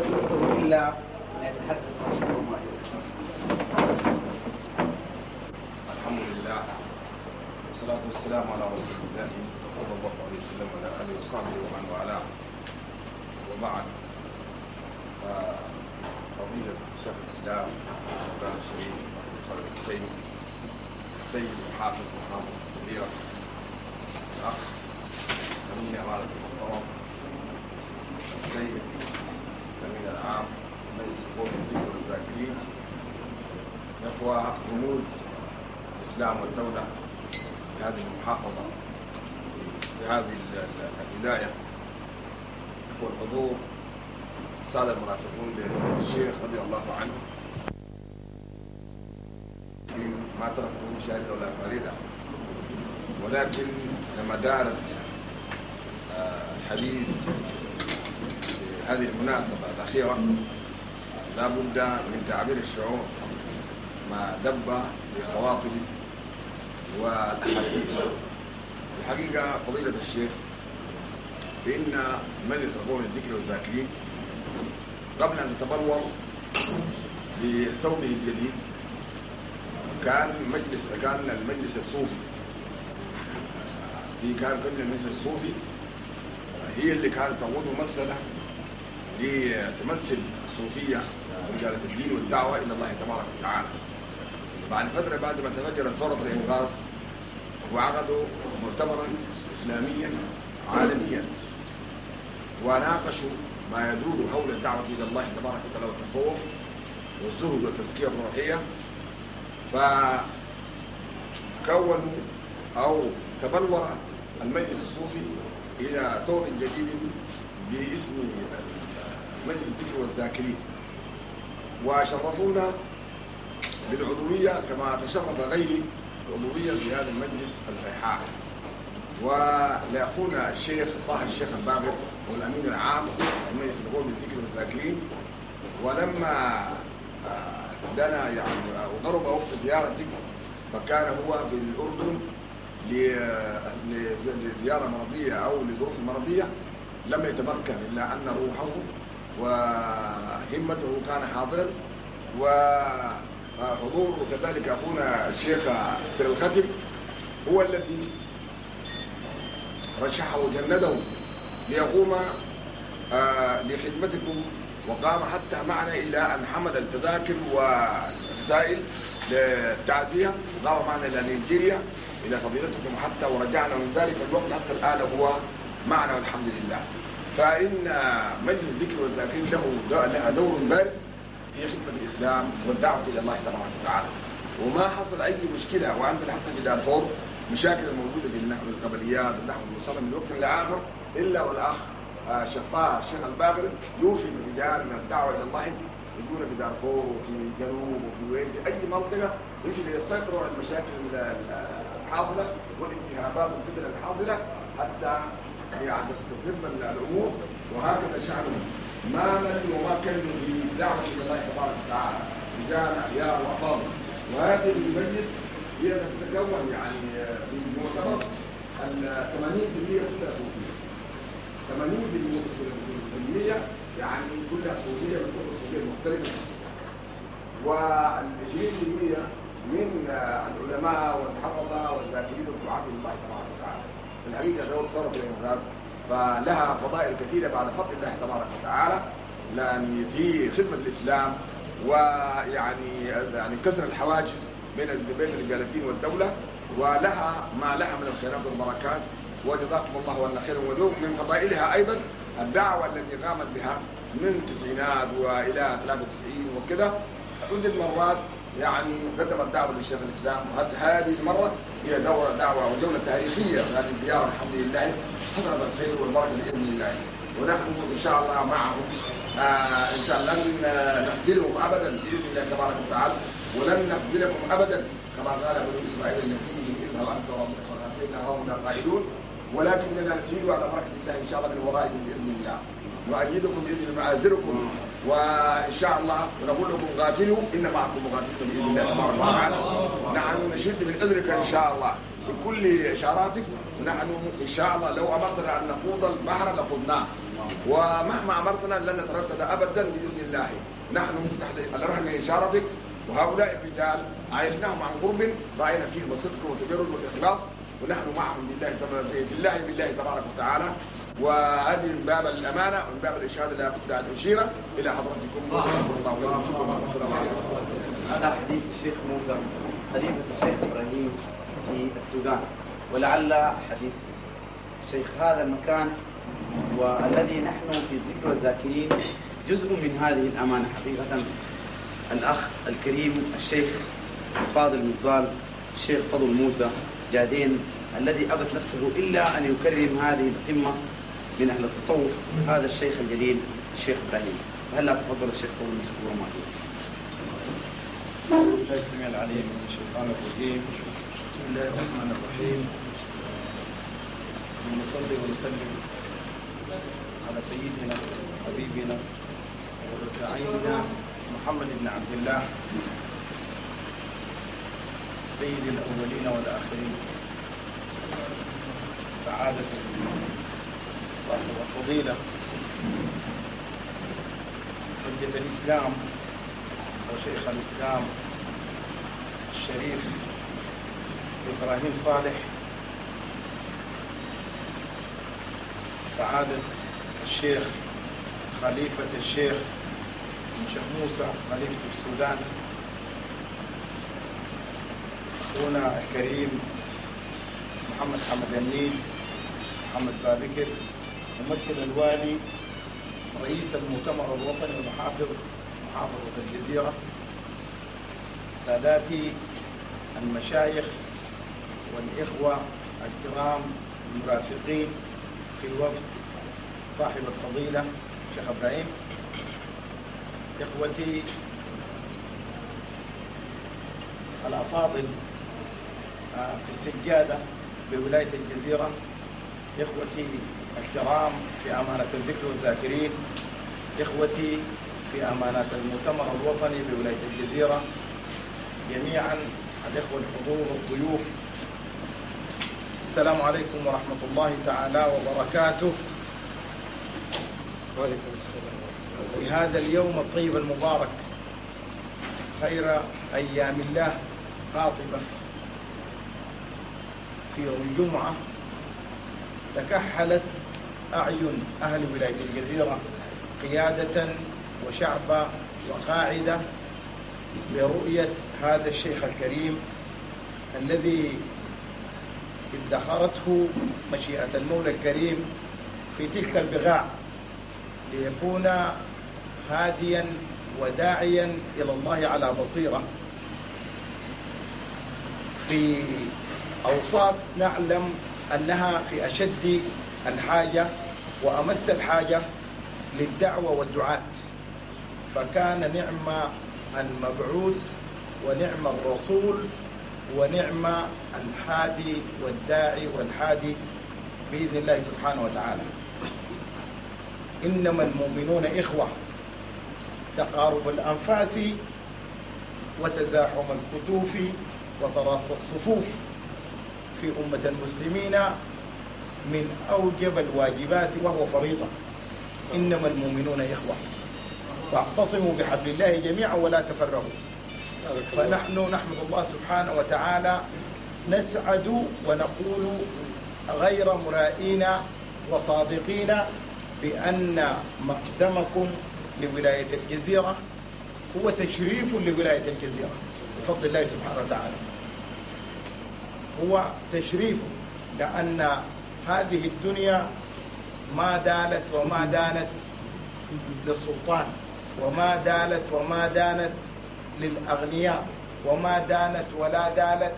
الحمد لله والصلاة والسلام على رسول الله صلى الله عليه وسلم وعلى آله وصحبه ومن والاه وبعد فضيلة شيخ الإسلام مولانا الشريف محمد صالح السيد محافظ محافظ الظهيرة الأخ أمين أمانة الإسلام والدولة بهذه المحافظة بهذه الولاية والحضور السادة المرافقون للشيخ رضي الله عنه ما تركوا شاهدة ولا فريدة ولكن لما دارت الحديث آه، هذه المناسبة الأخيرة لا بد من تعبير الشعور ما دب في خواطري والاحاسيس الحقيقه فضيله الشيخ فان من يسرقون الذكر والذاكرين قبل ان تتبلور لثوبه الجديد كان مجلس كان المجلس الصوفي في كان قبل المجلس الصوفي هي اللي كانت تعود ممثله لتمثل الصوفيه ورجاله الدين والدعوه الى الله تبارك وتعالى بعد فترة بعد ما تفجرت ثورة الإنقاذ وعقدوا مؤتمرا إسلاميا عالميا وناقشوا ما يدور حول الدعوة إلى الله تبارك وتعالى والتصوف والزهد والتزكية الروحية فكونوا أو تبلور المجلس الصوفي إلى ثور جديد باسم مجلس الذكر والذاكرين وشرفونا بالعضوية كما تشرف غيري العضوية في هذا المجلس الفيحاء ولأخونا الشيخ طه الشيخ الباغر والأمين العام المجلس القومي للذكر والذاكرين ولما آه، دنا يعني آه، وضرب وقت زيارتك فكان هو بالأردن آه، لزيارة مرضية أو لظروف مرضية لم يتمكن إلا أن روحه وهمته كان حاضرا و حضور وكذلك أخونا الشيخ سيد الخاتم هو الذي رشحه وجنده ليقوم بخدمتكم آه، وقام حتى معنا إلى أن حمل التذاكر والرسائل للتعزية وقام معنا إلى نيجيريا إلى فضيلتكم حتى ورجعنا من ذلك الوقت حتى الآن هو معنا والحمد لله فإن مجلس ذكر والذاكرين له لها دور بارز في خدمة الإسلام والدعوة إلى الله تبارك وتعالى وما حصل أي مشكلة وعندنا حتى في دارفور مشاكل الموجودة في النحو القبليات النحو المصلى من وقت لآخر إلا والأخ آه، شطار الشيخ الباغري يوفي بالرجال من الدعوة إلى الله يجون في دارفور وفي الجنوب وفي وين في أي منطقة يجي يسيطروا على المشاكل الحاصلة والانتهابات والفتن الحاصلة حتى يعني تستتم الأمور وهكذا شعبنا ما من وما يمكن في دعوه إلى الله تبارك وتعالى رجال أحياء وأفاضل وهذه المجلس هي تتكون يعني في المعتبر 80% كلها صوفية 80% يعني كلها صوفية من كل الصوفية المختلفة وال 20% من العلماء والحفظة والذاكرين والدعاة لله تبارك وتعالى الحقيقة دور صرف بين هذا فلها فضائل كثيرة بعد فضل الله تبارك وتعالى يعني في خدمة الإسلام ويعني يعني كسر الحواجز بين بين الجالتين والدولة ولها ما لها من الخيرات والبركات وجزاكم الله عنا خير ولوم من فضائلها أيضا الدعوة التي قامت بها من التسعينات وإلى 93 وكذا عدة مرات يعني قدمت دعوة للشيخ الإسلام وهذه المرة هي دورة دعوة وجولة تاريخية في هذه الزيارة الحمد لله حصلت الخير والبركة بإذن الله ونحن إن شاء الله معهم آه إن شاء الله لن آه، نخزلهم أبدا بإذن الله تبارك وتعالى ولن نخزلكم أبدا كما قال بنو إسرائيل لنبيهم اذهب أنت وربك فإنا هؤلاء قاعدون ولكننا نسير على بركة الله إن شاء الله من ورائكم بإذن الله نؤيدكم بإذن معازركم وان شاء الله ونقول لكم قاتلوا ان معكم مقاتلون باذن الله تبارك وتعالى نحن نعم، نشد من اذنك ان شاء الله في كل اشاراتك ونحن ان شاء الله لو امرتنا ان نخوض البحر لخضناه ومهما امرتنا لن نتردد ابدا باذن الله نحن تحت الرحم اشارتك وهؤلاء الرجال عايشناهم عن قرب راينا فيهم الصدق والتجرد والاخلاص ونحن معهم بالله في الله بالله تبارك وتعالى وهذه من باب الامانه ومن باب الاشهاد لا تدع الاشيره الى حضرتكم الله الله الله شكرا الله عليكم. هذا حديث الشيخ موسى خليفه الشيخ ابراهيم في السودان ولعل حديث شيخ هذا المكان والذي نحن في ذكر الذاكرين جزء من هذه الامانه حقيقه الاخ الكريم الشيخ فاضل مفضال الشيخ فضل موسى جادين الذي أبت نفسه إلا أن يكرم هذه القمة من أهل التصوف هذا الشيخ الجليل الشيخ إبراهيم هلا تفضل الشيخ فضل مشكور ومعكم الله السميع العليم من الرجيم بسم الله الرحمن الرحيم نصلي ونسلم على سيدنا حبيبنا ومتعينا محمد بن عبد الله سيد الأولين والآخرين سعادة صاحب الفضيلة حجة الإسلام وشيخ الإسلام الشريف إبراهيم صالح سعادة الشيخ خليفة الشيخ الشيخ موسى خليفة السودان أخونا الكريم محمد حمد النيل محمد بابكر ممثل الوالي رئيس المؤتمر الوطني ومحافظ محافظة الجزيرة ساداتي المشايخ والإخوة الكرام المرافقين في الوفد صاحب الفضيلة شيخ إبراهيم إخوتي الأفاضل آه، في السجادة بولاية الجزيرة إخوتي الكرام في أمانة الذكر والذاكرين إخوتي في أمانة المؤتمر الوطني بولاية الجزيرة جميعا الإخوة الحضور والضيوف السلام عليكم ورحمة الله تعالى وبركاته وعليكم السلام في هذا اليوم الطيب المبارك خير أيام الله قاطبة في يوم الجمعة تكحلت أعين أهل ولاية الجزيرة قيادة وشعبا وقاعدة برؤية هذا الشيخ الكريم الذي ادخرته مشيئة المولى الكريم في تلك البقاع ليكون هاديا وداعيا إلى الله على بصيرة في أوساط نعلم أنها في أشد الحاجة وأمس الحاجة للدعوة والدعاة فكان نعم المبعوث ونعم الرسول ونعم الحادي والداعي والحادي بإذن الله سبحانه وتعالى إنما المؤمنون إخوة تقارب الأنفاس وتزاحم الكتوف وتراص الصفوف في أمة المسلمين من أوجب الواجبات وهو فريضة إنما المؤمنون إخوة فاعتصموا بحبل الله جميعا ولا تفرقوا فنحن نحمد الله سبحانه وتعالى نسعد ونقول غير مرائين وصادقين بأن مقدمكم لولاية الجزيرة هو تشريف لولاية الجزيرة بفضل الله سبحانه وتعالى هو تشريف لأن هذه الدنيا ما دالت وما دانت للسلطان وما دالت وما دانت للأغنياء وما دانت ولا دالت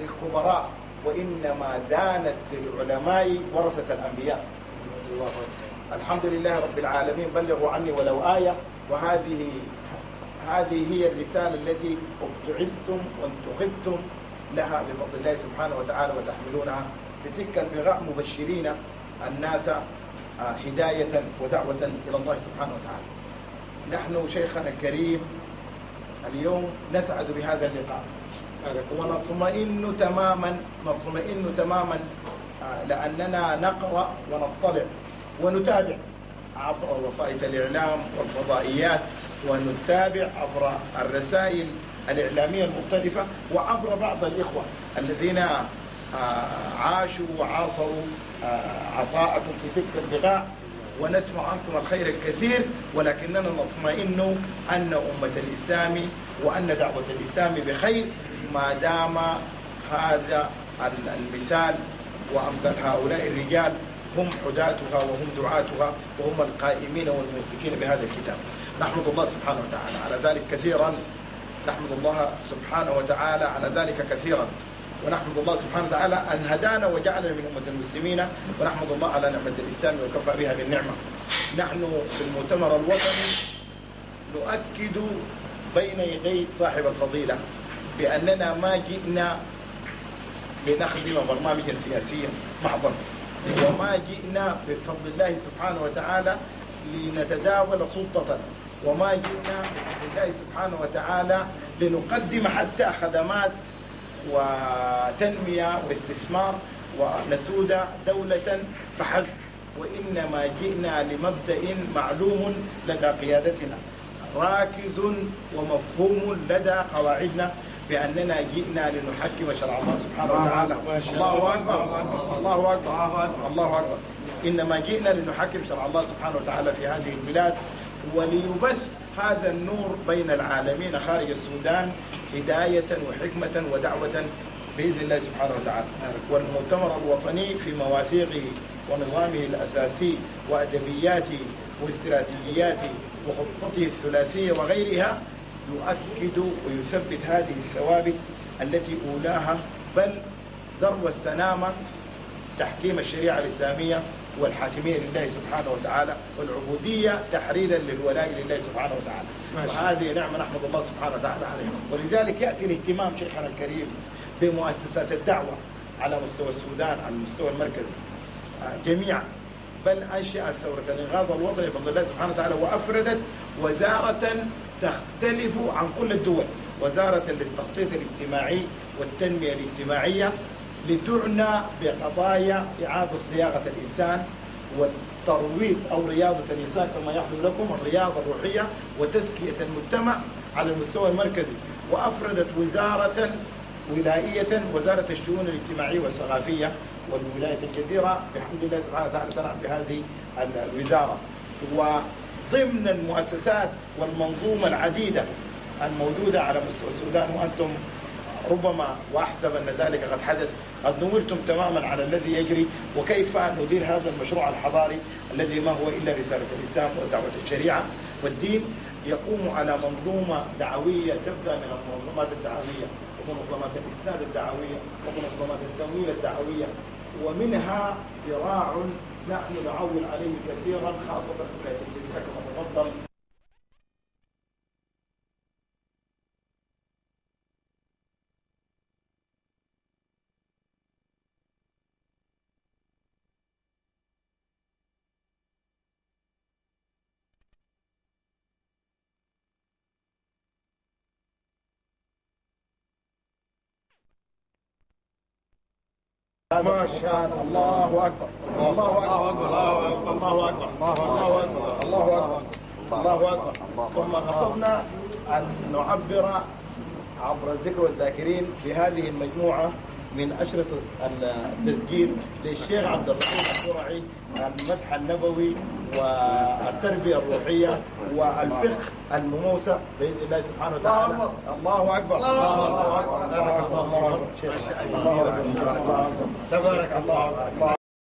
للكبراء وإنما دانت للعلماء ورثة الأنبياء الحمد لله رب العالمين بلغوا عني ولو آية وهذه هذه هي الرسالة التي ابتعثتم وانتخبتم لها بفضل الله سبحانه وتعالى وتحملونها بتلك البغاء مبشرين الناس آه، هداية ودعوة إلى الله سبحانه وتعالى نحن شيخنا الكريم اليوم نسعد بهذا اللقاء ونطمئن تماما نطمئن تماما آه، لأننا نقرأ ونطلع ونتابع عبر وسائط الإعلام والفضائيات ونتابع عبر الرسائل الإعلامية المختلفة وعبر بعض الإخوة الذين عاشوا وعاصروا آه، عطاءكم في تلك البقاع ونسمع عنكم الخير الكثير ولكننا نطمئن أن أمة الإسلام وأن دعوة الإسلام بخير ما دام هذا المثال وأمثال هؤلاء الرجال هم حداتها وهم دعاتها وهم القائمين والممسكين بهذا الكتاب نحمد الله سبحانه وتعالى على ذلك كثيرا نحمد الله سبحانه وتعالى على ذلك كثيرا ونحمد الله سبحانه وتعالى أن هدانا وجعلنا من أمة المسلمين ونحمد الله على نعمة الإسلام وكفى بها بالنعمة نحن في المؤتمر الوطني نؤكد بين يدي صاحب الفضيلة بأننا ما جئنا لنخدم برنامجا سياسيا محضا وما جئنا بفضل الله سبحانه وتعالى لنتداول سلطة وما جئنا بفضل الله سبحانه وتعالى لنقدم حتى خدمات وتنمية واستثمار ونسود دولة فحسب وإنما جئنا لمبدأ معلوم لدى قيادتنا راكز ومفهوم لدى قواعدنا بأننا جئنا لنحكم شرع الله سبحانه وتعالى الله أكبر الله أكبر الله أكبر إنما جئنا لنحكم شرع الله سبحانه وتعالى في هذه البلاد وليبث هذا النور بين العالمين خارج السودان هداية وحكمة ودعوة بإذن الله سبحانه وتعالى نعم. والمؤتمر الوطني في مواثيقه ونظامه الأساسي وأدبياته واستراتيجياته وخطته الثلاثية وغيرها يؤكد ويثبت هذه الثوابت التي أولاها بل ذروة السنامة تحكيم الشريعة الإسلامية والحاكمية لله سبحانه وتعالى والعبودية تحريرا للولاء لله سبحانه وتعالى ماشي. وهذه نعمة نحمد الله سبحانه وتعالى عليها ولذلك يأتي الاهتمام شيخنا الكريم بمؤسسات الدعوة على مستوى السودان على المستوى المركزي آه، جميعا بل أنشأ ثورة الإنقاذ الوطني بفضل الله سبحانه وتعالى وأفردت وزارة تختلف عن كل الدول وزارة للتخطيط الاجتماعي والتنمية الاجتماعية لتعنى بقضايا إعادة صياغة الإنسان والترويض أو رياضة الإنسان كما يحلو لكم الرياضة الروحية وتزكية المجتمع على المستوى المركزي وأفردت وزارة ولائية وزارة الشؤون الاجتماعية والثقافية والولاية الجزيرة بحمد الله سبحانه وتعالى تنعم بهذه الوزارة وضمن المؤسسات والمنظومة العديدة الموجودة على مستوى السودان وأنتم ربما واحسب ان ذلك قد حدث قد نورتم تماما على الذي يجري وكيف ندير هذا المشروع الحضاري الذي ما هو الا رساله الاسلام ودعوه الشريعه والدين يقوم على منظومه دعويه تبدا من المنظومات الدعويه ومنظمات الاسناد الدعويه ومنظمات التمويل الدعويه ومنها ذراع نحن نعول عليه كثيرا خاصه في الجزيره كما تفضل ما شاء الله أكبر الله أكبر الله أكبر الله أكبر الله أكبر الله أكبر الله أكبر ثم قصدنا أن نعبر عبر الذكر والذاكرين بهذه المجموعة من اشرطه التسجيل للشيخ عبد الرحيم القرعي المدح النبوي والتربية الروحية والفقه المموسى بإذن الله سبحانه وتعالى الله أكبر الله أكبر الله أكبر تبارك الله